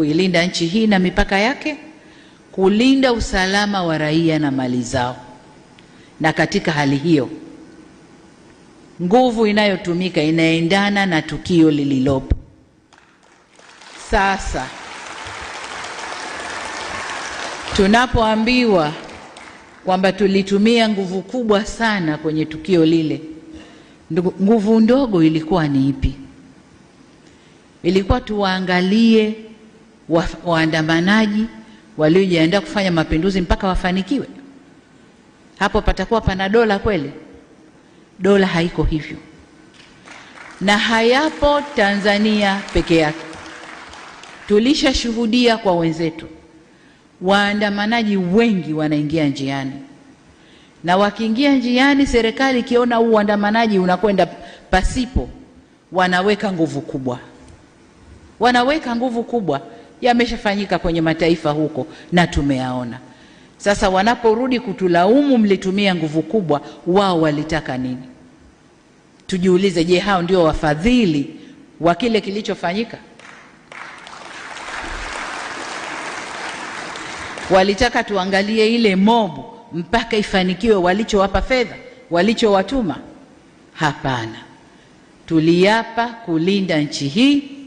kuilinda nchi hii na mipaka yake, kulinda usalama wa raia na mali zao. Na katika hali hiyo, nguvu inayotumika inaendana na tukio lililopo. Sasa tunapoambiwa kwamba tulitumia nguvu kubwa sana kwenye tukio lile, nguvu ndogo ilikuwa ni ipi? Ilikuwa tuwaangalie wa, waandamanaji waliojiandaa kufanya mapinduzi mpaka wafanikiwe? Hapo patakuwa pana dola kweli? Dola haiko hivyo, na hayapo Tanzania peke yake. Tulishashuhudia kwa wenzetu, waandamanaji wengi wanaingia njiani, na wakiingia njiani, serikali ikiona uandamanaji unakwenda pasipo, wanaweka nguvu kubwa, wanaweka nguvu kubwa yameshafanyika kwenye mataifa huko na tumeyaona. Sasa wanaporudi kutulaumu, mlitumia nguvu kubwa, wao walitaka nini? Tujiulize, je, hao ndio wafadhili wa kile kilichofanyika? Walitaka tuangalie ile mobu mpaka ifanikiwe walichowapa fedha, walichowatuma? Hapana, tuliapa kulinda nchi hii